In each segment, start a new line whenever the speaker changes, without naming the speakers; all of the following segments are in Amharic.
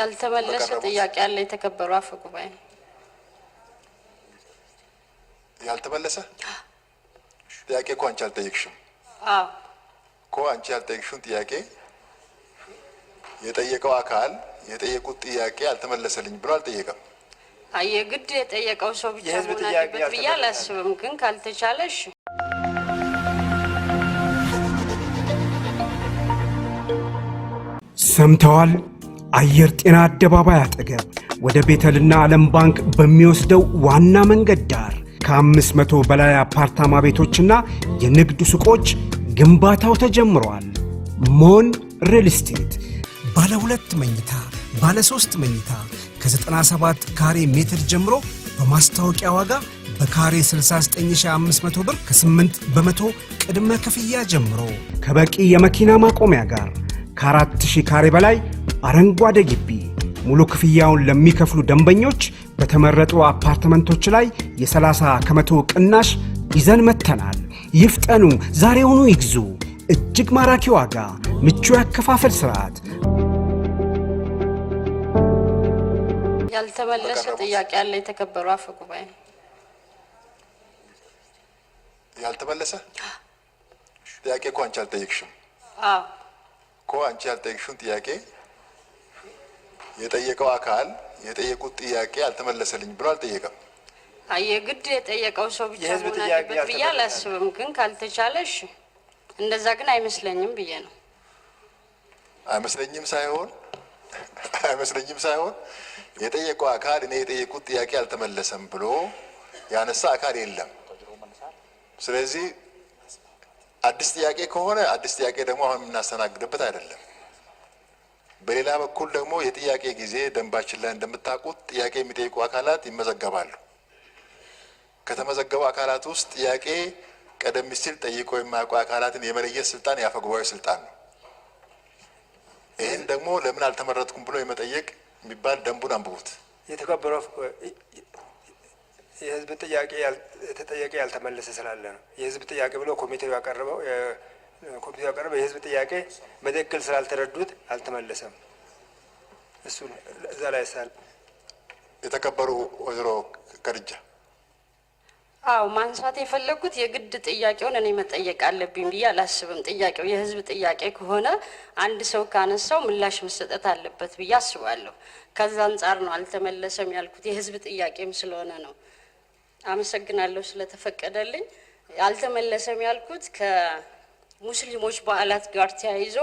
ያልተመለሰ ጥያቄ አለ። የተከበሩ አፈ ጉባኤ
ያልተመለሰ ጥያቄ እኮ አንቺ አልጠየቅሽም እኮ አንቺ ያልጠየቅሽውን ጥያቄ የጠየቀው አካል የጠየቁት ጥያቄ አልተመለሰልኝ ብሎ አልጠየቀም።
አየ ግድ የጠየቀው ሰው ብቻ መሆን አለበት ብዬ አላስብም። ግን ካልተቻለሽ
ሰምተዋል። አየር ጤና አደባባይ አጠገብ ወደ ቤተልና ዓለም ባንክ በሚወስደው ዋና መንገድ ዳር ከአምስት መቶ በላይ አፓርታማ ቤቶችና የንግድ ሱቆች ግንባታው ተጀምረዋል። ሞን ሪል ስቴት ባለ ሁለት መኝታ፣ ባለ ሶስት መኝታ ከ97 ካሬ ሜትር ጀምሮ በማስታወቂያ ዋጋ በካሬ 69500 ብር ከ8 በመቶ ቅድመ ክፍያ ጀምሮ ከበቂ የመኪና ማቆሚያ ጋር ከ4000 ካሬ በላይ አረንጓዴ ግቢ ሙሉ ክፍያውን ለሚከፍሉ ደንበኞች በተመረጡ አፓርትመንቶች ላይ የ30 ከመቶ ቅናሽ ይዘን መጥተናል። ይፍጠኑ፣ ዛሬውኑ ይግዙ። እጅግ ማራኪ ዋጋ፣ ምቹ ያከፋፈል ስርዓት።
ያልተመለሰ ጥያቄ አለ። የተከበሩ አፈ ጉባኤ
ያልተመለሰ ጥያቄ እኮ አንቺ አልጠየቅሽም እኮ አንቺ ያልጠየቅሽውን ጥያቄ የጠየቀው አካል የጠየቁት ጥያቄ አልተመለሰልኝ ብሎ አልጠየቀም።
የግድ የጠየቀው ሰው ብቻ መሆን አለበት ብዬ አላስብም። ግን ካልተቻለሽ እንደዛ ግን አይመስለኝም ብዬ ነው።
አይመስለኝም ሳይሆን አይመስለኝም ሳይሆን የጠየቀው አካል እኔ የጠየቁት ጥያቄ አልተመለሰም ብሎ ያነሳ አካል የለም። ስለዚህ አዲስ ጥያቄ ከሆነ አዲስ ጥያቄ ደግሞ አሁን የምናስተናግድበት አይደለም። በሌላ በኩል ደግሞ የጥያቄ ጊዜ ደንባችን ላይ እንደምታውቁት ጥያቄ የሚጠይቁ አካላት ይመዘገባሉ። ከተመዘገቡ አካላት ውስጥ ጥያቄ ቀደም ሲል ጠይቆ የማያውቁ አካላትን የመለየት ስልጣን የአፈ ጉባኤው ስልጣን ነው። ይህን ደግሞ ለምን አልተመረጥኩም ብሎ የመጠየቅ የሚባል ደንቡን አንብቡት።
የተከበረው የህዝብን ጥያቄ ተጠያቂ ያልተመለሰ ስላለ ነው የህዝብ ጥያቄ ብሎ ኮሚቴው ያቀረበው ኮፒ ያቀረበ የህዝብ ጥያቄ መደክል ስላልተረዱት አልተመለሰም። እሱ እዛ ላይ ሳል
የተከበሩ ወይዘሮ ከድጃ
አው ማንሳት የፈለጉት የግድ ጥያቄውን እኔ መጠየቅ አለብኝ ብዬ አላስብም። ጥያቄው የህዝብ ጥያቄ ከሆነ አንድ ሰው ካነሳው ምላሽ መሰጠት አለበት ብዬ አስባለሁ። ከዛ አንጻር ነው አልተመለሰም ያልኩት፣ የህዝብ ጥያቄም ስለሆነ ነው። አመሰግናለሁ ስለተፈቀደልኝ። አልተመለሰም ያልኩት ከ ሙስሊሞች በዓላት ጋር ተያይዞ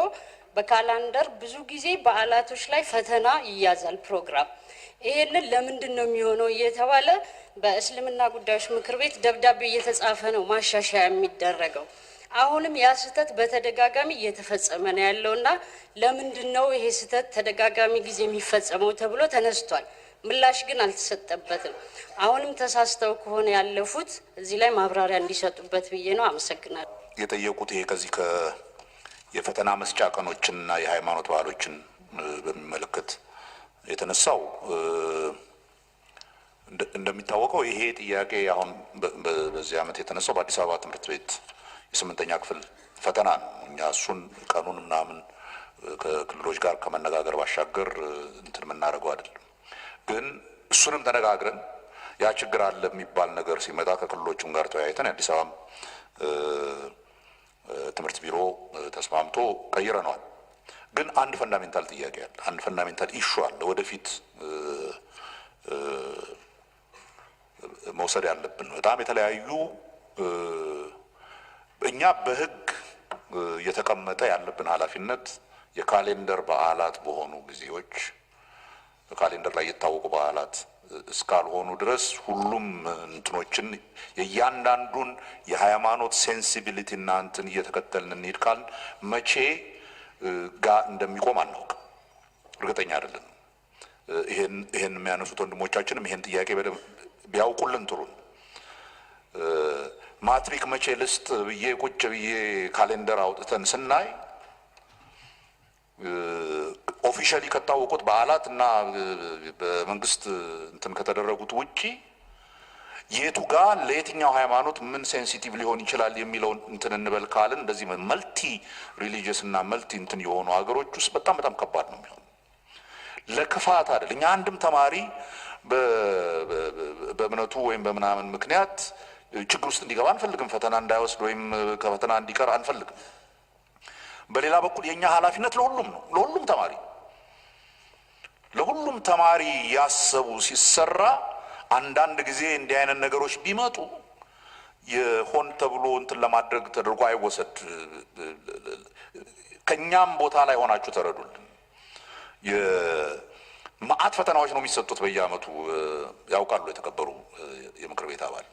በካላንደር ብዙ ጊዜ በዓላቶች ላይ ፈተና ይያዛል ፕሮግራም። ይሄንን ለምንድን ነው የሚሆነው እየተባለ በእስልምና ጉዳዮች ምክር ቤት ደብዳቤ እየተጻፈ ነው ማሻሻያ የሚደረገው። አሁንም ያ ስህተት በተደጋጋሚ እየተፈጸመ ነው ያለው እና ለምንድን ነው ይሄ ስህተት ተደጋጋሚ ጊዜ የሚፈጸመው ተብሎ ተነስቷል። ምላሽ ግን አልተሰጠበትም። አሁንም ተሳስተው ከሆነ ያለፉት እዚህ ላይ ማብራሪያ እንዲሰጡበት ብዬ ነው። አመሰግናለሁ።
የጠየቁት ይሄ ከዚህ የፈተና መስጫ ቀኖችንና የሃይማኖት ባህሎችን በሚመለከት የተነሳው እንደሚታወቀው ይሄ ጥያቄ አሁን በዚህ ዓመት የተነሳው በአዲስ አበባ ትምህርት ቤት የስምንተኛ ክፍል ፈተና ነው። እኛ እሱን ቀኑን ምናምን ከክልሎች ጋር ከመነጋገር ባሻገር እንትን የምናደርገው አይደለም። ግን እሱንም ተነጋግረን ያ ችግር አለ የሚባል ነገር ሲመጣ ከክልሎቹም ጋር ተወያይተን የአዲስ አበባ ትምህርት ቢሮ ተስማምቶ ቀይረነዋል። ግን አንድ ፈንዳሜንታል ጥያቄ አለ። አንድ ፈንዳሜንታል ኢሹ አለ። ወደፊት መውሰድ ያለብን በጣም የተለያዩ እኛ በህግ የተቀመጠ ያለብን ኃላፊነት የካሌንደር በዓላት በሆኑ ጊዜዎች ካሌንደር ላይ የታወቁ በዓላት እስካልሆኑ ድረስ ሁሉም እንትኖችን የእያንዳንዱን የሃይማኖት ሴንሲቢሊቲ እና እንትን እየተከተልን እንሄድ ካል መቼ ጋ እንደሚቆም አናውቅም። እርግጠኛ አይደለም። ይሄን የሚያነሱት ወንድሞቻችንም ይሄን ጥያቄ ቢያውቁልን ጥሩ ነው። ማትሪክ መቼ ልስጥ ብዬ ቁጭ ብዬ ካሌንደር አውጥተን ስናይ ኦፊሻሊ ከታወቁት በዓላት እና በመንግስት እንትን ከተደረጉት ውጪ የቱ ጋር ለየትኛው ሃይማኖት ምን ሴንሲቲቭ ሊሆን ይችላል የሚለውን እንትን እንበል ካልን እንደዚህ መልቲ ሪሊጅስ እና መልቲ እንትን የሆኑ ሀገሮች ውስጥ በጣም በጣም ከባድ ነው የሚሆን። ለክፋት አይደል። እኛ አንድም ተማሪ በእምነቱ ወይም በምናምን ምክንያት ችግር ውስጥ እንዲገባ አንፈልግም። ፈተና እንዳይወስድ ወይም ከፈተና እንዲቀር አንፈልግም። በሌላ በኩል የእኛ ኃላፊነት ለሁሉም ነው፣ ለሁሉም ተማሪ ለሁሉም ተማሪ ያሰቡ ሲሰራ አንዳንድ ጊዜ እንዲህ አይነት ነገሮች ቢመጡ የሆን ተብሎ እንትን ለማድረግ ተደርጎ አይወሰድ። ከእኛም ቦታ ላይ ሆናችሁ ተረዱልን። የማአት ፈተናዎች ነው የሚሰጡት በየአመቱ ያውቃሉ የተከበሩ የምክር ቤት አባል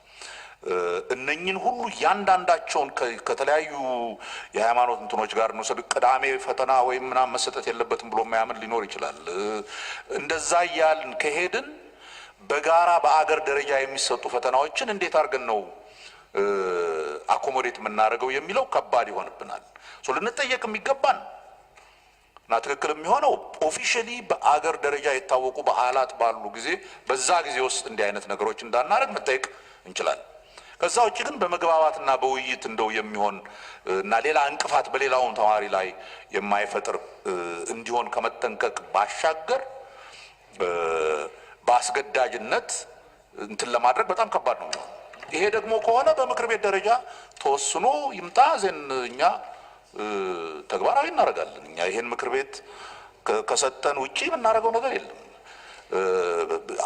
እነኝን ሁሉ እያንዳንዳቸውን ከተለያዩ የሃይማኖት እንትኖች ጋር እንውሰድ። ቅዳሜ ፈተና ወይም ምናምን መሰጠት የለበትም ብሎ ማያምን ሊኖር ይችላል። እንደዛ እያልን ከሄድን በጋራ በአገር ደረጃ የሚሰጡ ፈተናዎችን እንዴት አድርገን ነው አኮሞዴት የምናደርገው የሚለው ከባድ ይሆንብናል። ልንጠየቅ የሚገባን እና ትክክል የሚሆነው ኦፊሻሊ በአገር ደረጃ የታወቁ በዓላት ባሉ ጊዜ በዛ ጊዜ ውስጥ እንዲህ አይነት ነገሮች እንዳናደርግ መጠየቅ እንችላለን። ከዛ ውጭ ግን በመግባባትና በውይይት እንደው የሚሆን እና ሌላ እንቅፋት በሌላውም ተማሪ ላይ የማይፈጥር እንዲሆን ከመጠንቀቅ ባሻገር በአስገዳጅነት እንትን ለማድረግ በጣም ከባድ ነው ይሄ ደግሞ ከሆነ በምክር ቤት ደረጃ ተወስኖ ይምጣ ዜን እኛ ተግባራዊ እናደርጋለን። እኛ ይሄን ምክር ቤት ከሰጠን ውጪ የምናደርገው ነገር የለም።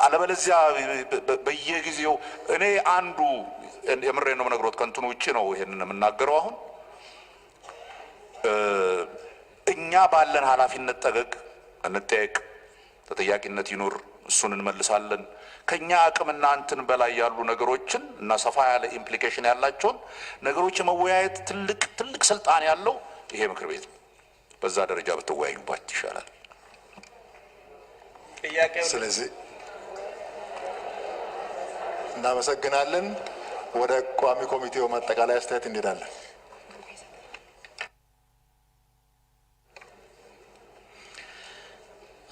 አለበለዚያ በየጊዜው እኔ አንዱ የምሬ ነው የምነግሮት፣ ውጭ ነው ይሄንን የምናገረው። አሁን እኛ ባለን ኃላፊነት ጠገግ እንጠየቅ፣ ተጠያቂነት ይኑር፣ እሱን እንመልሳለን። ከኛ አቅምና እንትን በላይ ያሉ ነገሮችን እና ሰፋ ያለ ኢምፕሊኬሽን ያላቸውን ነገሮች የመወያየት ትልቅ ትልቅ ስልጣን ያለው ይሄ ምክር ቤት ነው። በዛ ደረጃ ብትወያዩባት ይሻላል። ስለዚህ እናመሰግናለን። ወደ ቋሚ ኮሚቴው ማጠቃላይ አስተያየት እንሄዳለን።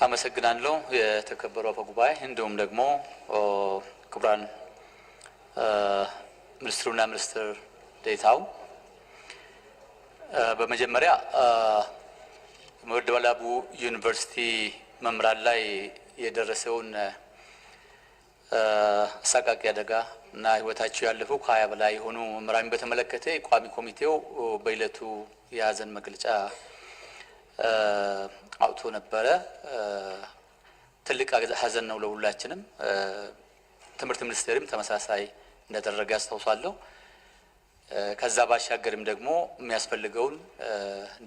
አመሰግናለሁ። የተከበሩ አፈ ጉባኤ እንዲሁም ደግሞ ክቡራን ሚኒስትሩና ሚኒስትር ዴታው በመጀመሪያ የመደወላቡ ዩኒቨርሲቲ መምራን ላይ የደረሰውን አሰቃቂ አደጋ እና ህይወታቸው ያለፉ ከሀያ በላይ የሆኑ መምህራንን በተመለከተ ቋሚ ኮሚቴው በዕለቱ የሀዘን መግለጫ አውጥቶ ነበረ። ትልቅ ሀዘን ነው ለሁላችንም። ትምህርት ሚኒስቴርም ተመሳሳይ እንዳደረገ አስታውሳለሁ። ከዛ ባሻገርም ደግሞ የሚያስፈልገውን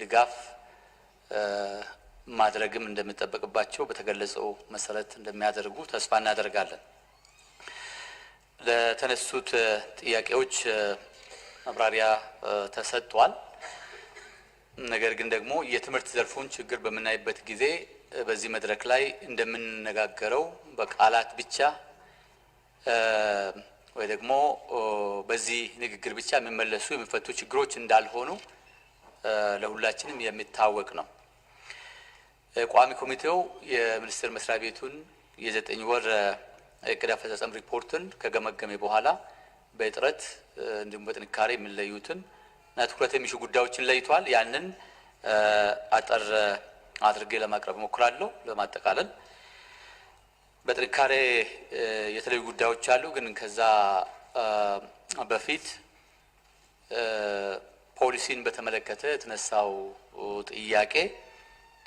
ድጋፍ ማድረግም እንደሚጠበቅባቸው በተገለጸው መሰረት እንደሚያደርጉ ተስፋ እናደርጋለን። ለተነሱት ጥያቄዎች መብራሪያ ተሰጥቷል። ነገር ግን ደግሞ የትምህርት ዘርፉን ችግር በምናይበት ጊዜ በዚህ መድረክ ላይ እንደምንነጋገረው በቃላት ብቻ ወይ ደግሞ በዚህ ንግግር ብቻ የሚመለሱ የሚፈቱ ችግሮች እንዳልሆኑ ለሁላችንም የሚታወቅ ነው። ቋሚ ኮሚቴው የሚኒስቴር መስሪያ ቤቱን የዘጠኝ ወር እቅድ አፈጻጸም ሪፖርትን ከገመገሜ በኋላ በጥረት እንዲሁም በጥንካሬ የሚለዩትን እና ትኩረት የሚሹ ጉዳዮችን ለይቷል። ያንን አጠር አድርጌ ለማቅረብ እሞክራለሁ። ለማጠቃለል በጥንካሬ የተለዩ ጉዳዮች አሉ። ግን ከዛ በፊት ፖሊሲን በተመለከተ የተነሳው ጥያቄ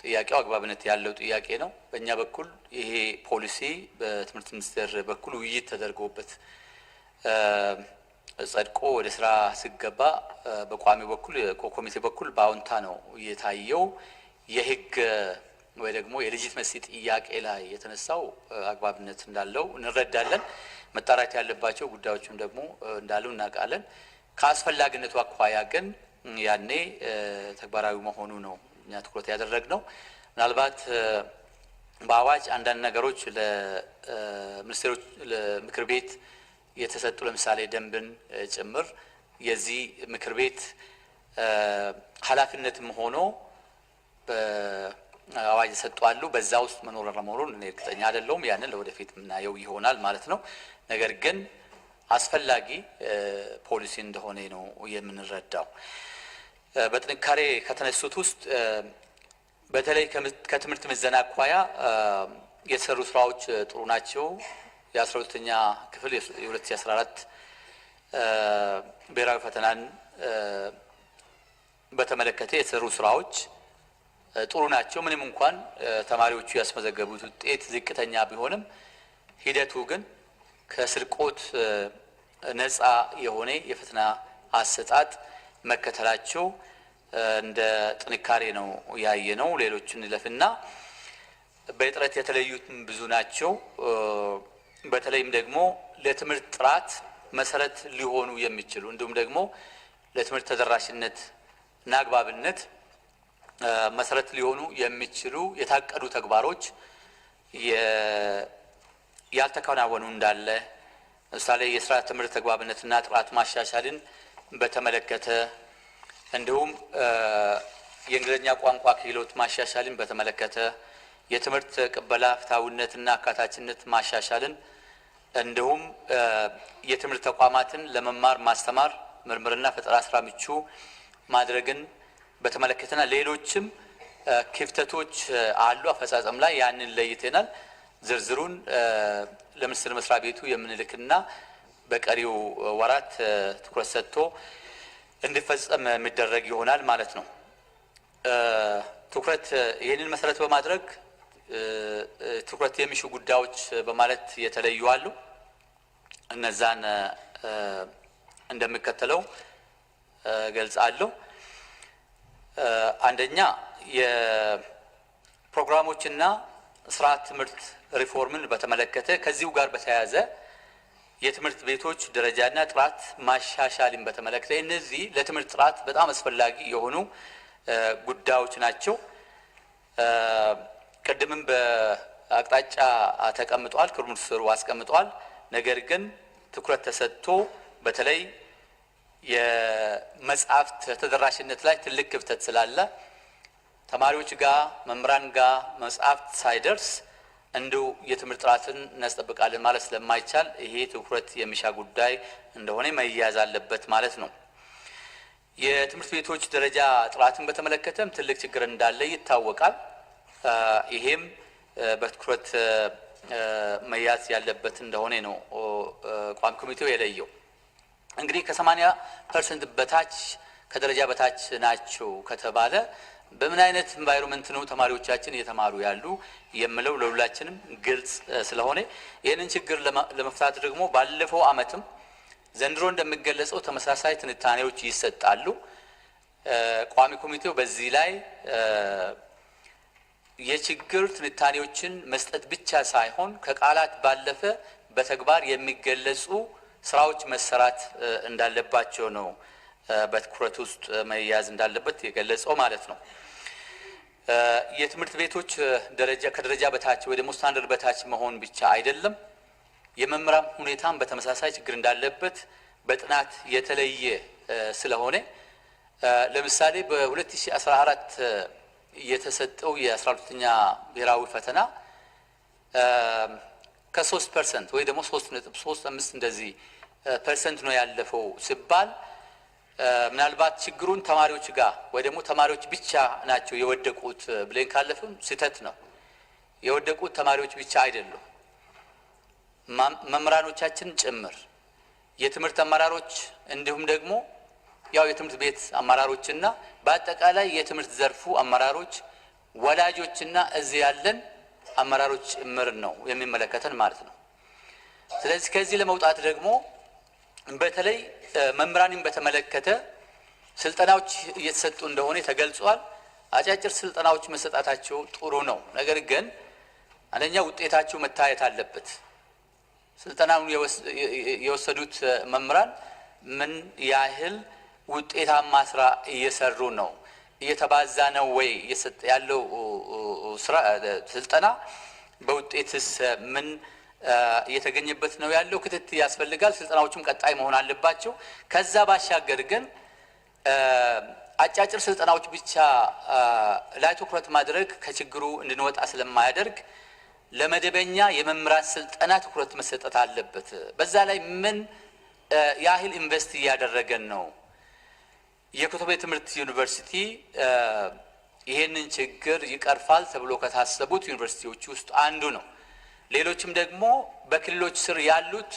ጥያቄው አግባብነት ያለው ጥያቄ ነው። በእኛ በኩል ይሄ ፖሊሲ በትምህርት ሚኒስቴር በኩል ውይይት ተደርጎበት ጸድቆ ወደ ስራ ሲገባ በቋሚ በኩል ኮሚቴ በኩል በአዎንታ ነው እየታየው። የህግ ወይ ደግሞ የልጅት መሲ ጥያቄ ላይ የተነሳው አግባብነት እንዳለው እንረዳለን። መጣራት ያለባቸው ጉዳዮችም ደግሞ እንዳሉ እናውቃለን። ከአስፈላጊነቱ አኳያ ግን ያኔ ተግባራዊ መሆኑ ነው እኛ ትኩረት ነው። ምናልባት በአዋጅ አንዳንድ ነገሮች ለሚኒስቴሮች ለምክር ቤት የተሰጡ ለምሳሌ ደንብን ጭምር የዚህ ምክር ቤት ኃላፊነትም ሆኖ በአዋጅ የተሰጡ አሉ። በዛ ውስጥ መኖር ለመኖሩን እኔ እርግጠኛ አይደለሁም። ያንን ለወደፊት የምናየው ይሆናል ማለት ነው። ነገር ግን አስፈላጊ ፖሊሲ እንደሆነ ነው የምንረዳው። በጥንካሬ ከተነሱት ውስጥ በተለይ ከትምህርት ምዘና አኳያ የተሰሩ ስራዎች ጥሩ ናቸው። የአስራ ሁለተኛ ክፍል የ2014 ብሔራዊ ፈተናን በተመለከተ የተሰሩ ስራዎች ጥሩ ናቸው። ምንም እንኳን ተማሪዎቹ ያስመዘገቡት ውጤት ዝቅተኛ ቢሆንም ሂደቱ ግን ከስርቆት ነፃ የሆነ የፈተና አሰጣጥ መከተላቸው እንደ ጥንካሬ ነው ያየ ነው። ሌሎችን ለፍና በጥረት የተለዩትም ብዙ ናቸው። በተለይም ደግሞ ለትምህርት ጥራት መሰረት ሊሆኑ የሚችሉ እንዲሁም ደግሞ ለትምህርት ተደራሽነት እና አግባብነት መሰረት ሊሆኑ የሚችሉ የታቀዱ ተግባሮች ያልተከናወኑ እንዳለ ለምሳሌ የስራ ትምህርት ተግባብነትና ጥራት ማሻሻልን በተመለከተ እንዲሁም የእንግሊዝኛ ቋንቋ ክህሎት ማሻሻልን በተመለከተ የትምህርት ቅበላ ፍትሐዊነትና አካታችነት ማሻሻልን እንዲሁም የትምህርት ተቋማትን ለመማር ማስተማር ምርምርና ፈጠራ ስራ ምቹ ማድረግን በተመለከተና ሌሎችም ክፍተቶች አሉ አፈጻጸም ላይ ያንን ለይተናል። ዝርዝሩን ለሚኒስቴር መስሪያ ቤቱ የምንልክና በቀሪው ወራት ትኩረት ሰጥቶ እንዲፈጸም የሚደረግ ይሆናል ማለት ነው። ትኩረት ይህንን መሰረት በማድረግ ትኩረት የሚሹ ጉዳዮች በማለት የተለዩ አሉ። እነዛን እንደሚከተለው ገልጻለሁ። አንደኛ የፕሮግራሞችና ስርዓት ትምህርት ሪፎርምን በተመለከተ ከዚሁ ጋር በተያያዘ የትምህርት ቤቶች ደረጃና ጥራት ማሻሻልን በተመለከተ እነዚህ ለትምህርት ጥራት በጣም አስፈላጊ የሆኑ ጉዳዮች ናቸው። ቅድምም በአቅጣጫ ተቀምጧል፣ ክቡር ሚኒስትሩ አስቀምጧል። ነገር ግን ትኩረት ተሰጥቶ በተለይ የመጽሐፍት ተደራሽነት ላይ ትልቅ ክፍተት ስላለ ተማሪዎች ጋር መምህራን ጋር መጽሐፍት ሳይደርስ እንዲሁ የትምህርት ጥራትን እናስጠብቃለን ማለት ስለማይቻል ይሄ ትኩረት የሚሻ ጉዳይ እንደሆነ መያዝ አለበት ማለት ነው። የትምህርት ቤቶች ደረጃ ጥራትን በተመለከተም ትልቅ ችግር እንዳለ ይታወቃል። ይሄም በትኩረት መያዝ ያለበት እንደሆነ ነው ቋሚ ኮሚቴው የለየው። እንግዲህ ከሰማንያ ፐርሰንት በታች ከደረጃ በታች ናቸው ከተባለ በምን አይነት ኢንቫይሮንመንት ነው ተማሪዎቻችን እየተማሩ ያሉ የምለው ለሁላችንም ግልጽ ስለሆነ ይህንን ችግር ለመፍታት ደግሞ ባለፈው አመትም ዘንድሮ እንደሚገለጸው ተመሳሳይ ትንታኔዎች ይሰጣሉ። ቋሚ ኮሚቴው በዚህ ላይ የችግር ትንታኔዎችን መስጠት ብቻ ሳይሆን ከቃላት ባለፈ በተግባር የሚገለጹ ስራዎች መሰራት እንዳለባቸው ነው በትኩረት ውስጥ መያዝ እንዳለበት የገለጸው ማለት ነው። የትምህርት ቤቶች ደረጃ ከደረጃ በታች ወይ ደግሞ ስታንደርድ በታች መሆን ብቻ አይደለም። የመምህራን ሁኔታም በተመሳሳይ ችግር እንዳለበት በጥናት የተለየ ስለሆነ ለምሳሌ በ2014 የተሰጠው የ12ተኛ ብሔራዊ ፈተና ከ3 ፐርሰንት ወይ ደግሞ 3.35 እንደዚህ ፐርሰንት ነው ያለፈው ሲባል ምናልባት ችግሩን ተማሪዎች ጋር ወይ ደግሞ ተማሪዎች ብቻ ናቸው የወደቁት ብለን ካለፍም ስህተት ነው። የወደቁት ተማሪዎች ብቻ አይደሉም፣ መምህራኖቻችን ጭምር፣ የትምህርት አመራሮች እንዲሁም ደግሞ ያው የትምህርት ቤት አመራሮችና በአጠቃላይ የትምህርት ዘርፉ አመራሮች፣ ወላጆችና እዚህ ያለን አመራሮች ጭምር ነው የሚመለከተን ማለት ነው። ስለዚህ ከዚህ ለመውጣት ደግሞ በተለይ መምህራንን በተመለከተ ስልጠናዎች እየተሰጡ እንደሆነ ተገልጿል። አጫጭር ስልጠናዎች መሰጣታቸው ጥሩ ነው። ነገር ግን አንደኛ ውጤታቸው መታየት አለበት። ስልጠናውን የወሰዱት መምህራን ምን ያህል ውጤታማ ስራ እየሰሩ ነው? እየተባዛ ነው ወይ ያለው ስልጠና በውጤትስ ምን እየተገኘበት ነው ያለው። ክትትል ያስፈልጋል። ስልጠናዎቹም ቀጣይ መሆን አለባቸው። ከዛ ባሻገር ግን አጫጭር ስልጠናዎች ብቻ ላይ ትኩረት ማድረግ ከችግሩ እንድንወጣ ስለማያደርግ ለመደበኛ የመምራት ስልጠና ትኩረት መሰጠት አለበት። በዛ ላይ ምን ያህል ኢንቨስት እያደረገን ነው? የኮተቤ ትምህርት ዩኒቨርሲቲ ይሄንን ችግር ይቀርፋል ተብሎ ከታሰቡት ዩኒቨርሲቲዎች ውስጥ አንዱ ነው። ሌሎችም ደግሞ በክልሎች ስር ያሉት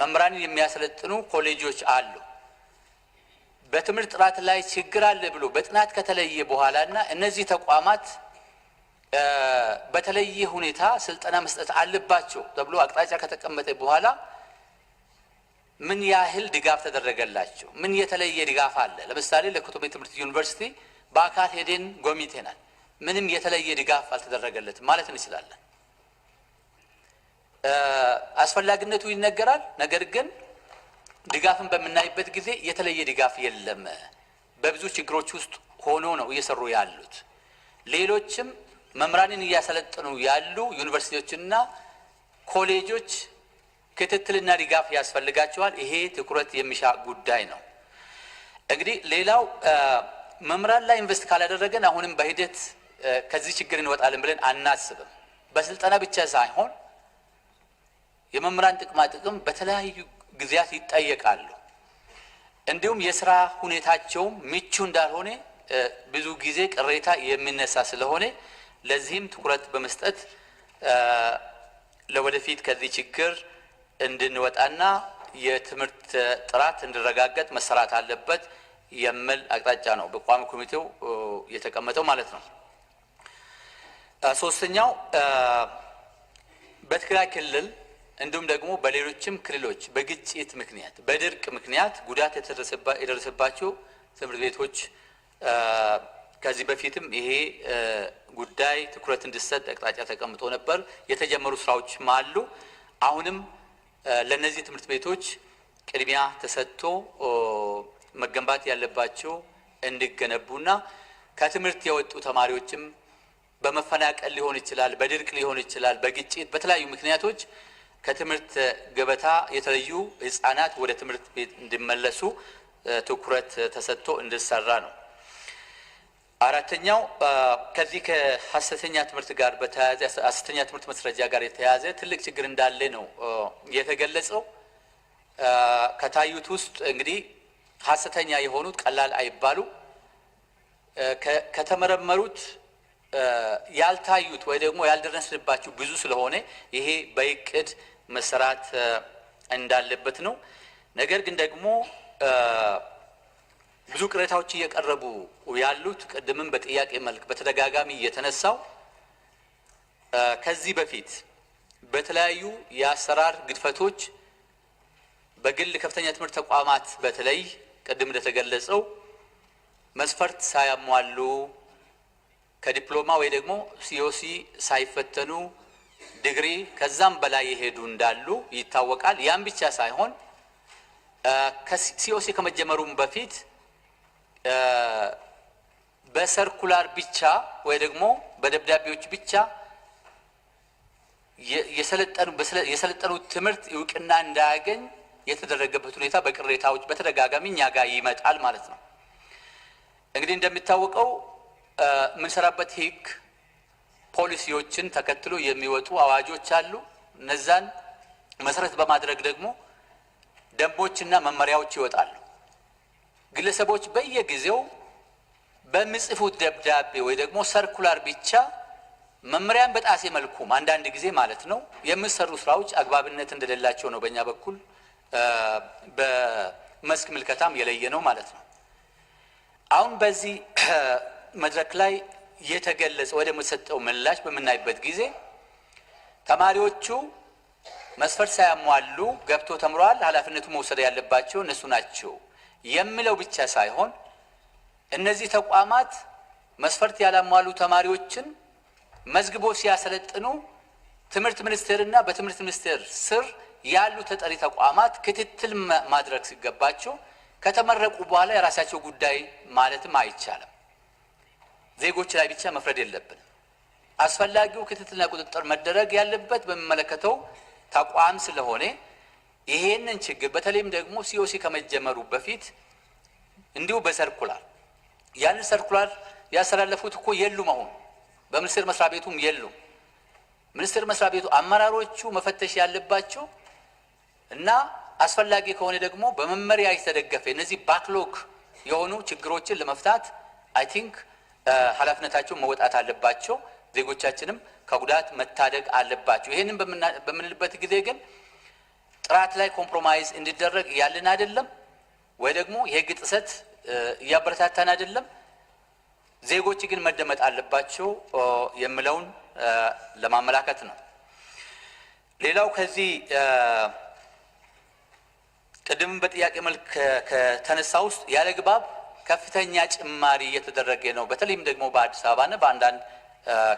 መምህራንን የሚያሰለጥኑ ኮሌጆች አሉ። በትምህርት ጥራት ላይ ችግር አለ ብሎ በጥናት ከተለየ በኋላ እና እነዚህ ተቋማት በተለየ ሁኔታ ስልጠና መስጠት አለባቸው ተብሎ አቅጣጫ ከተቀመጠ በኋላ ምን ያህል ድጋፍ ተደረገላቸው? ምን የተለየ ድጋፍ አለ? ለምሳሌ ለኮተቤ ትምህርት ዩኒቨርሲቲ በአካል ሄደን ጎብኝተናል። ምንም የተለየ ድጋፍ አልተደረገለትም ማለት እንችላለን። አስፈላጊነቱ ይነገራል። ነገር ግን ድጋፍን በምናይበት ጊዜ የተለየ ድጋፍ የለም። በብዙ ችግሮች ውስጥ ሆኖ ነው እየሰሩ ያሉት። ሌሎችም መምህራንን እያሰለጠኑ ያሉ ዩኒቨርሲቲዎችና ኮሌጆች ክትትልና ድጋፍ ያስፈልጋቸዋል። ይሄ ትኩረት የሚሻ ጉዳይ ነው። እንግዲህ ሌላው መምህራን ላይ ኢንቨስት ካላደረገን አሁንም በሂደት ከዚህ ችግር እንወጣለን ብለን አናስብም። በስልጠና ብቻ ሳይሆን የመምህራን ጥቅማ ጥቅም በተለያዩ ጊዜያት ይጠየቃሉ። እንዲሁም የስራ ሁኔታቸውም ምቹ እንዳልሆነ ብዙ ጊዜ ቅሬታ የሚነሳ ስለሆነ ለዚህም ትኩረት በመስጠት ለወደፊት ከዚህ ችግር እንድንወጣና የትምህርት ጥራት እንዲረጋገጥ መሰራት አለበት የሚል አቅጣጫ ነው በቋሚ ኮሚቴው የተቀመጠው ማለት ነው። ሶስተኛው በትግራይ ክልል እንዲሁም ደግሞ በሌሎችም ክልሎች በግጭት ምክንያት በድርቅ ምክንያት ጉዳት የደረሰባቸው ትምህርት ቤቶች ከዚህ በፊትም ይሄ ጉዳይ ትኩረት እንዲሰጥ አቅጣጫ ተቀምጦ ነበር። የተጀመሩ ስራዎችም አሉ። አሁንም ለእነዚህ ትምህርት ቤቶች ቅድሚያ ተሰጥቶ መገንባት ያለባቸው እንዲገነቡና ከትምህርት የወጡ ተማሪዎችም በመፈናቀል ሊሆን ይችላል፣ በድርቅ ሊሆን ይችላል፣ በግጭት በተለያዩ ምክንያቶች ከትምህርት ገበታ የተለዩ ህጻናት ወደ ትምህርት ቤት እንዲመለሱ ትኩረት ተሰጥቶ እንዲሰራ ነው። አራተኛው ከዚህ ከሀሰተኛ ትምህርት ጋር በተያያዘ ሀሰተኛ ትምህርት መስረጃ ጋር የተያያዘ ትልቅ ችግር እንዳለ ነው የተገለጸው። ከታዩት ውስጥ እንግዲህ ሀሰተኛ የሆኑት ቀላል አይባሉ። ከተመረመሩት ያልታዩት ወይ ደግሞ ያልደረስንባቸው ብዙ ስለሆነ ይሄ በይቅድ መሰራት እንዳለበት ነው። ነገር ግን ደግሞ ብዙ ቅሬታዎች እየቀረቡ ያሉት ቅድምም በጥያቄ መልክ በተደጋጋሚ እየተነሳው ከዚህ በፊት በተለያዩ የአሰራር ግድፈቶች በግል ከፍተኛ ትምህርት ተቋማት በተለይ ቅድም እንደተገለጸው መስፈርት ሳያሟሉ ከዲፕሎማ ወይ ደግሞ ሲኦሲ ሳይፈተኑ ዲግሪ ከዛም በላይ የሄዱ እንዳሉ ይታወቃል። ያን ብቻ ሳይሆን ሲኦሲ ከመጀመሩም በፊት በሰርኩላር ብቻ ወይ ደግሞ በደብዳቤዎች ብቻ የሰለጠኑት ትምህርት እውቅና እንዳያገኝ የተደረገበት ሁኔታ በቅሬታዎች በተደጋጋሚ እኛ ጋር ይመጣል ማለት ነው። እንግዲህ እንደሚታወቀው የምንሰራበት ህግ ፖሊሲዎችን ተከትሎ የሚወጡ አዋጆች አሉ። እነዛን መሰረት በማድረግ ደግሞ ደንቦችና መመሪያዎች ይወጣሉ። ግለሰቦች በየጊዜው በሚጽፉት ደብዳቤ ወይ ደግሞ ሰርኩላር ብቻ መመሪያን በጣሴ መልኩም አንዳንድ ጊዜ ማለት ነው የሚሰሩ ስራዎች አግባብነት እንደሌላቸው ነው በእኛ በኩል በመስክ ምልከታም የለየ ነው ማለት ነው። አሁን በዚህ መድረክ ላይ የተገለጸ ወደ መሰጠው ምላሽ በምናይበት ጊዜ ተማሪዎቹ መስፈርት ሳያሟሉ ገብቶ ተምሯል፣ ኃላፊነቱ መውሰድ ያለባቸው እነሱ ናቸው የሚለው ብቻ ሳይሆን እነዚህ ተቋማት መስፈርት ያላሟሉ ተማሪዎችን መዝግቦ ሲያሰለጥኑ ትምህርት ሚኒስቴርና በትምህርት ሚኒስቴር ስር ያሉ ተጠሪ ተቋማት ክትትል ማድረግ ሲገባቸው ከተመረቁ በኋላ የራሳቸው ጉዳይ ማለትም አይቻልም። ዜጎች ላይ ብቻ መፍረድ የለብንም። አስፈላጊው ክትትልና ቁጥጥር መደረግ ያለበት በሚመለከተው ተቋም ስለሆነ ይሄንን ችግር በተለይም ደግሞ ሲኦሲ ከመጀመሩ በፊት እንዲሁ በሰርኩላር ያንን ሰርኩላር ያስተላለፉት እኮ የሉም። አሁን በሚኒስቴር መስሪያ ቤቱም የሉም። ሚኒስቴር መስሪያ ቤቱ አመራሮቹ መፈተሽ ያለባቸው እና አስፈላጊ ከሆነ ደግሞ በመመሪያ የተደገፈ እነዚህ ባክሎክ የሆኑ ችግሮችን ለመፍታት አይ ቲንክ ኃላፊነታቸውን መወጣት አለባቸው። ዜጎቻችንም ከጉዳት መታደግ አለባቸው። ይህንን በምንልበት ጊዜ ግን ጥራት ላይ ኮምፕሮማይዝ እንዲደረግ ያለን አይደለም ወይ ደግሞ የህግ ጥሰት እያበረታታን አይደለም። ዜጎች ግን መደመጥ አለባቸው የምለውን ለማመላከት ነው። ሌላው ከዚህ ቅድም በጥያቄ መልክ ከተነሳ ውስጥ ያለ ግባብ ከፍተኛ ጭማሪ እየተደረገ ነው። በተለይም ደግሞ በአዲስ አበባና በአንዳንድ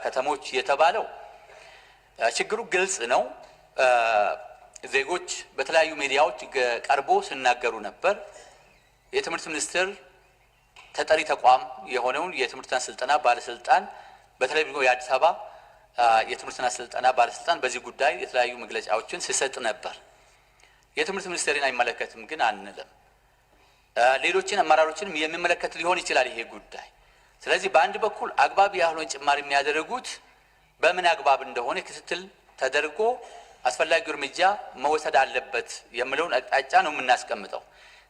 ከተሞች የተባለው ችግሩ ግልጽ ነው። ዜጎች በተለያዩ ሚዲያዎች ቀርቦ ሲናገሩ ነበር። የትምህርት ሚኒስቴር ተጠሪ ተቋም የሆነውን የትምህርትና ስልጠና ባለስልጣን በተለይ ደግሞ የአዲስ አበባ የትምህርትና ስልጠና ባለስልጣን በዚህ ጉዳይ የተለያዩ መግለጫዎችን ሲሰጥ ነበር። የትምህርት ሚኒስቴርን አይመለከትም ግን አንልም። ሌሎችን አመራሮችንም የሚመለከት ሊሆን ይችላል ይሄ ጉዳይ። ስለዚህ በአንድ በኩል አግባብ ያህሎን ጭማሪ የሚያደርጉት በምን አግባብ እንደሆነ ክትትል ተደርጎ አስፈላጊው እርምጃ መወሰድ አለበት የሚለውን አቅጣጫ ነው የምናስቀምጠው።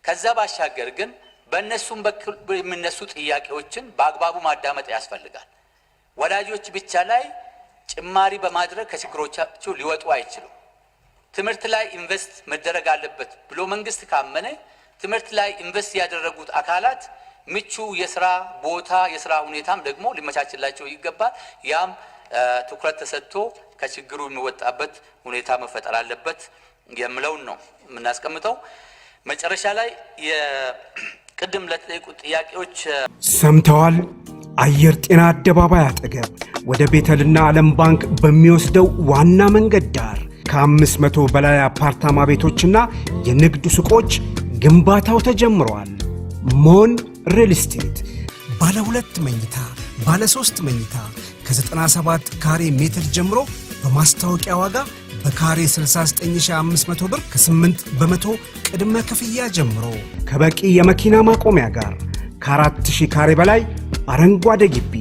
ከዛ ባሻገር ግን በእነሱም በኩል የሚነሱ ጥያቄዎችን በአግባቡ ማዳመጥ ያስፈልጋል። ወላጆች ብቻ ላይ ጭማሪ በማድረግ ከችግሮቻቸው ሊወጡ አይችሉም። ትምህርት ላይ ኢንቨስት መደረግ አለበት ብሎ መንግስት ካመነ ትምህርት ላይ ኢንቨስት ያደረጉት አካላት ምቹ የስራ ቦታ የስራ ሁኔታም ደግሞ ሊመቻችላቸው ይገባል። ያም ትኩረት ተሰጥቶ ከችግሩ የሚወጣበት ሁኔታ መፈጠር አለበት የምለውን ነው የምናስቀምጠው። መጨረሻ ላይ የቅድም ለተጠየቁ ጥያቄዎች
ሰምተዋል። አየር ጤና አደባባይ አጠገብ ወደ ቤተልና ዓለም ባንክ በሚወስደው ዋና መንገድ ዳር ከአምስት መቶ በላይ አፓርታማ ቤቶችና የንግድ ሱቆች ግንባታው ተጀምሯል። ሞን ሪል ስቴት ባለ ሁለት መኝታ፣ ባለ ሶስት መኝታ ከ97 ካሬ ሜትር ጀምሮ በማስታወቂያ ዋጋ በካሬ 69500 ብር ከ8 በመቶ ቅድመ ክፍያ ጀምሮ ከበቂ የመኪና ማቆሚያ ጋር ከ4000 ካሬ በላይ አረንጓዴ ግቢ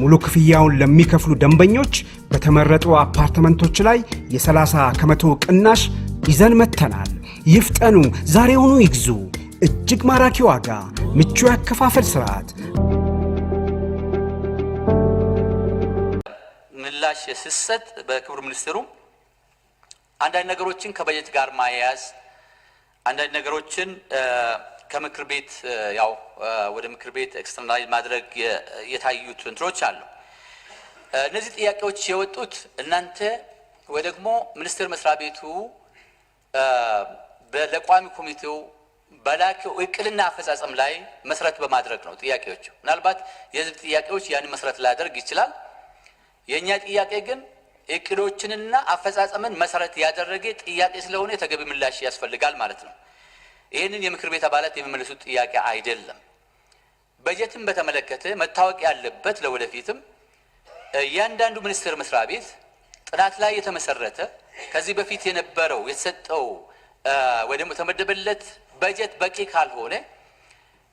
ሙሉ ክፍያውን ለሚከፍሉ ደንበኞች በተመረጡ አፓርትመንቶች ላይ የ30 ከመቶ ቅናሽ ይዘን መጥተናል። ይፍጠኑ፣ ዛሬውኑ ይግዙ። እጅግ ማራኪ ዋጋ፣ ምቹ ያከፋፈል ስርዓት።
ምላሽ ስሰጥ በክቡር ሚኒስትሩ አንዳንድ ነገሮችን ከበጀት ጋር ማያያዝ አንዳንድ ነገሮችን ከምክር ቤት ያው ወደ ምክር ቤት ኤክስተርናላይዝ ማድረግ የታዩት እንትኖች አሉ። እነዚህ ጥያቄዎች የወጡት እናንተ ወይ ደግሞ ሚኒስቴር መስሪያ ቤቱ ለቋሚ ኮሚቴው በላኪው እቅድና አፈጻጸም ላይ መሰረት በማድረግ ነው። ጥያቄዎቹ ምናልባት የህዝብ ጥያቄዎች ያን መሰረት ላያደርግ ይችላል። የእኛ ጥያቄ ግን እቅዶችንና አፈጻጸምን መሰረት ያደረገ ጥያቄ ስለሆነ የተገቢ ምላሽ ያስፈልጋል ማለት ነው። ይህንን የምክር ቤት አባላት የሚመልሱት ጥያቄ አይደለም። በጀትም በተመለከተ መታወቅ ያለበት ለወደፊትም እያንዳንዱ ሚኒስቴር መስሪያ ቤት ጥናት ላይ የተመሰረተ ከዚህ በፊት የነበረው የተሰጠው ወይ ደግሞ የተመደበለት በጀት በቂ ካልሆነ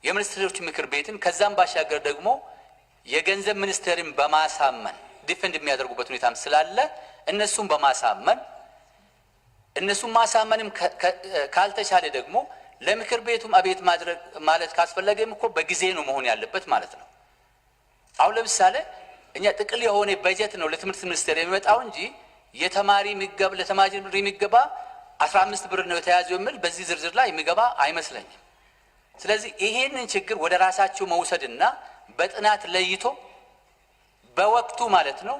የሚኒስትሮች ምክር ቤትን ከዛም ባሻገር ደግሞ የገንዘብ ሚኒስቴርን በማሳመን ዲፌንድ የሚያደርጉበት ሁኔታም ስላለ እነሱን በማሳመን እነሱን ማሳመንም ካልተቻለ ደግሞ ለምክር ቤቱም አቤት ማድረግ ማለት ካስፈለገም እኮ በጊዜ ነው መሆን ያለበት ማለት ነው። አሁን ለምሳሌ እኛ ጥቅል የሆነ በጀት ነው ለትምህርት ሚኒስቴር የሚመጣው እንጂ የተማሪ ሚገባ ለተማሪ የሚገባ። አስራ አምስት ብር ነው የተያዘው የሚል በዚህ ዝርዝር ላይ የሚገባ አይመስለኝም። ስለዚህ ይሄንን ችግር ወደ ራሳችሁ መውሰድና በጥናት ለይቶ በወቅቱ ማለት ነው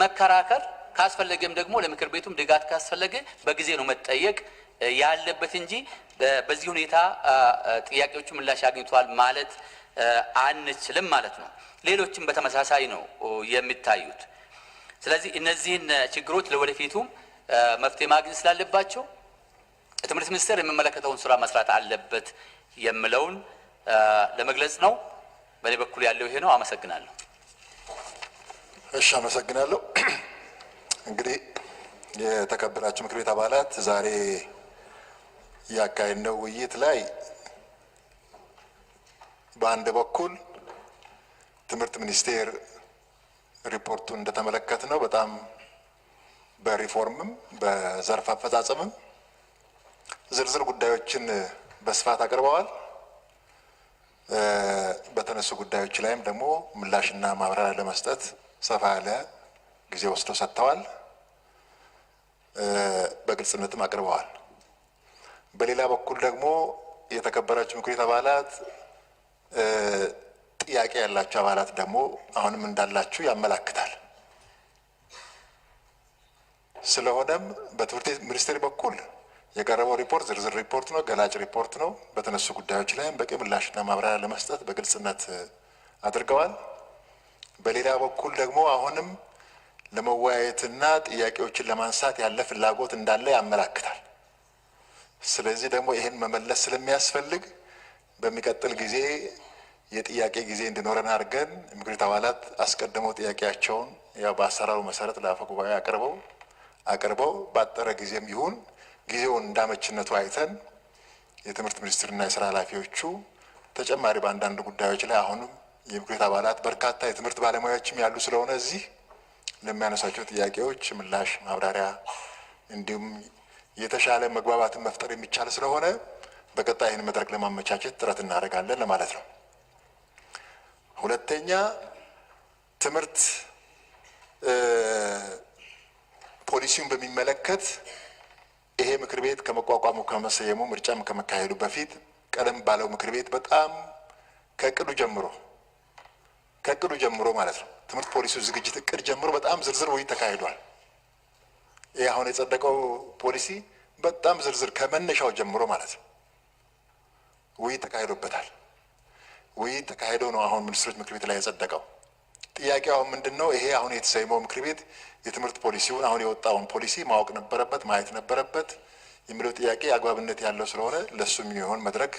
መከራከር ካስፈለገም ደግሞ ለምክር ቤቱም ድጋት ካስፈለገ በጊዜ ነው መጠየቅ ያለበት እንጂ በዚህ ሁኔታ ጥያቄዎቹ ምላሽ አግኝቷል ማለት አንችልም ማለት ነው። ሌሎችም በተመሳሳይ ነው የሚታዩት። ስለዚህ እነዚህን ችግሮች ለወደፊቱም መፍትሄ ማግኘት ስላለባቸው ትምህርት ሚኒስቴር የሚመለከተውን ስራ መስራት አለበት የምለውን ለመግለጽ ነው። በእኔ በኩል ያለው ይሄ ነው። አመሰግናለሁ።
እሺ፣ አመሰግናለሁ። እንግዲህ የተከበራችሁ ምክር ቤት አባላት ዛሬ ያካሄድነው ውይይት ላይ በአንድ በኩል ትምህርት ሚኒስቴር ሪፖርቱን እንደተመለከት ነው በጣም በሪፎርምም በዘርፍ አፈጻጸምም ዝርዝር ጉዳዮችን በስፋት አቅርበዋል። በተነሱ ጉዳዮች ላይም ደግሞ ምላሽና ማብራሪያ ለመስጠት ሰፋ ያለ ጊዜ ወስደው ሰጥተዋል። በግልጽነትም አቅርበዋል። በሌላ በኩል ደግሞ የተከበራችሁ ምክር ቤት አባላት ጥያቄ ያላቸው አባላት ደግሞ አሁንም እንዳላችሁ ያመላክታል። ስለሆነም በትምህርት ሚኒስቴር በኩል የቀረበው ሪፖርት ዝርዝር ሪፖርት ነው፣ ገላጭ ሪፖርት ነው። በተነሱ ጉዳዮች ላይም በቂ ምላሽና ማብራሪያ ለመስጠት በግልጽነት አድርገዋል። በሌላ በኩል ደግሞ አሁንም ለመወያየትና ጥያቄዎችን ለማንሳት ያለ ፍላጎት እንዳለ ያመላክታል። ስለዚህ ደግሞ ይህን መመለስ ስለሚያስፈልግ በሚቀጥል ጊዜ የጥያቄ ጊዜ እንዲኖረን አድርገን ምክር ቤት አባላት አስቀድመው ጥያቄያቸውን ያው በአሰራሩ መሰረት ለአፈ ጉባኤ አቅርበው አቅርበው ባጠረ ጊዜም ይሁን ጊዜውን እንዳመችነቱ አይተን የትምህርት ሚኒስትርና የስራ ኃላፊዎቹ ተጨማሪ በአንዳንድ ጉዳዮች ላይ አሁንም የምክር ቤት አባላት በርካታ የትምህርት ባለሙያዎችም ያሉ ስለሆነ እዚህ ለሚያነሳቸው ጥያቄዎች ምላሽ ማብራሪያ እንዲሁም የተሻለ መግባባትን መፍጠር የሚቻል ስለሆነ በቀጣይ ይህን መድረክ ለማመቻቸት ጥረት እናደርጋለን ለማለት ነው። ሁለተኛ ትምህርት ፖሊሲውን በሚመለከት ይሄ ምክር ቤት ከመቋቋሙ ከመሰየሙ ምርጫም ከመካሄዱ በፊት ቀደም ባለው ምክር ቤት በጣም ከእቅዱ ጀምሮ ከእቅዱ ጀምሮ ማለት ነው ትምህርት ፖሊሲው ዝግጅት እቅድ ጀምሮ በጣም ዝርዝር ውይይት ተካሂዷል። ይህ አሁን የጸደቀው ፖሊሲ በጣም ዝርዝር ከመነሻው ጀምሮ ማለት ነው ውይይት ተካሂዶበታል። ውይይት ተካሂዶ ነው አሁን ሚኒስትሮች ምክር ቤት ላይ የጸደቀው። ጥያቄ አሁን ምንድን ነው? ይሄ አሁን የተሰየመው ምክር ቤት የትምህርት ፖሊሲውን አሁን የወጣውን ፖሊሲ ማወቅ ነበረበት፣ ማየት ነበረበት የሚለው ጥያቄ አግባብነት ያለው ስለሆነ ለሱ የሚሆን መድረክ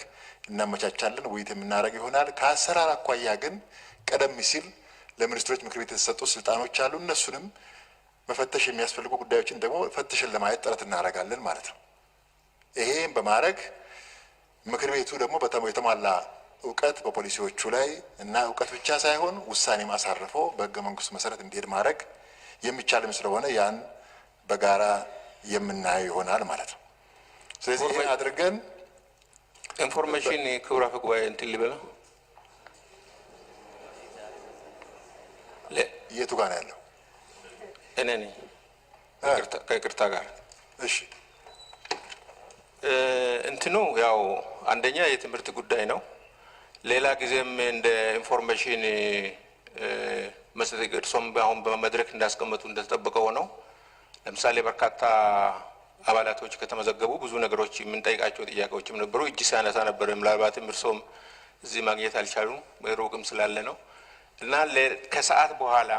እናመቻቻለን፣ ውይይት የምናደርግ ይሆናል። ከአሰራር አኳያ ግን ቀደም ሲል ለሚኒስትሮች ምክር ቤት የተሰጡ ስልጣኖች አሉ። እነሱንም መፈተሽ የሚያስፈልጉ ጉዳዮችን ደግሞ ፈትሽን ለማየት ጥረት እናደርጋለን ማለት ነው። ይሄም በማድረግ ምክር ቤቱ ደግሞ የተሟላ እውቀት በፖሊሲዎቹ ላይ እና እውቀት ብቻ ሳይሆን ውሳኔ ማሳረፎ በህገ መንግስቱ መሰረት እንዲሄድ ማድረግ የሚቻልም ስለሆነ ያን በጋራ የምናየው ይሆናል ማለት ነው። ስለዚህ ይህን አድርገን
ኢንፎርሜሽን ክቡር አፈ ጉባኤ እንትን ሊበላ የቱ ጋር ነው ያለው? እኔ ነኝ
ከይቅርታ ጋር እሺ።
እንትኑ ያው አንደኛ የትምህርት ጉዳይ ነው። ሌላ ጊዜም እንደ ኢንፎርሜሽን መስጠት እርሶም አሁን በመድረክ እንዳስቀመጡ እንደተጠበቀው ነው። ለምሳሌ በርካታ አባላቶች ከተመዘገቡ ብዙ ነገሮች የምንጠይቃቸው ጥያቄዎችም ነበሩ። እጅ ሲያነሳ ነበር። ምናልባትም እርሶም እዚህ ማግኘት አልቻሉ ሩቅም ስላለ ነው እና ከሰዓት በኋላ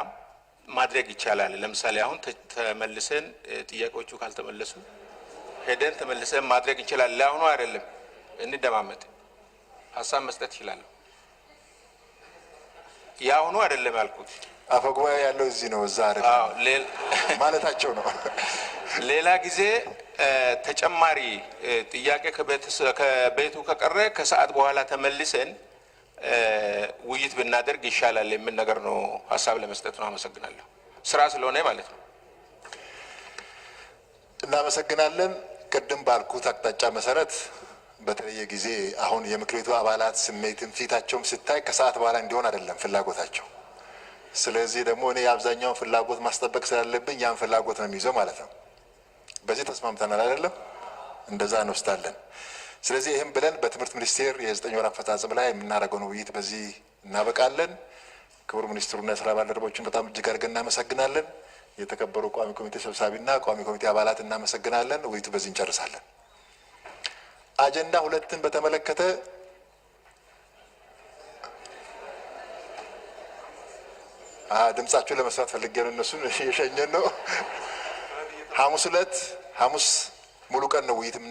ማድረግ ይቻላል። ለምሳሌ አሁን ተመልሰን ጥያቄዎቹ ካልተመለሱ ሄደን ተመልሰን ማድረግ እንችላለን። ለአሁኑ አይደለም እንደማመጥ ሀሳብ መስጠት ይችላል። የአሁኑ አይደለም ያልኩት።
አፈጉባኤ ያለው እዚህ ነው፣ እዛ ማለታቸው ነው።
ሌላ ጊዜ ተጨማሪ ጥያቄ ከቤቱ ከቀረ ከሰዓት በኋላ ተመልሰን ውይይት ብናደርግ ይሻላል የሚል ነገር ነው። ሀሳብ ለመስጠት ነው። አመሰግናለሁ። ስራ ስለሆነ ማለት ነው።
እናመሰግናለን። ቅድም ባልኩት አቅጣጫ መሰረት በተለየ ጊዜ አሁን የምክር ቤቱ አባላት ስሜትን ፊታቸውም ስታይ ከሰዓት በኋላ እንዲሆን አይደለም ፍላጎታቸው። ስለዚህ ደግሞ እኔ የአብዛኛውን ፍላጎት ማስጠበቅ ስላለብኝ ያን ፍላጎት ነው የሚይዘው ማለት ነው። በዚህ ተስማምተናል አይደለም? እንደዛ እንወስዳለን። ስለዚህ ይህም ብለን በትምህርት ሚኒስቴር የዘጠኝ ወር አፈጻጸም ላይ የምናደርገውን ውይይት በዚህ እናበቃለን። ክቡር ሚኒስትሩና የስራ ባልደረቦችን በጣም እጅግ አድርገን እናመሰግናለን። የተከበሩ ቋሚ ኮሚቴ ሰብሳቢና ቋሚ ኮሚቴ አባላት እናመሰግናለን። ውይይቱ በዚህ እንጨርሳለን። አጀንዳ ሁለትን በተመለከተ ድምጻችሁን ለመስራት ፈልጌ ነው። እነሱን የሸኘን ነው። ሐሙስ ዕለት ሐሙስ ሙሉ ቀን ነው ውይይት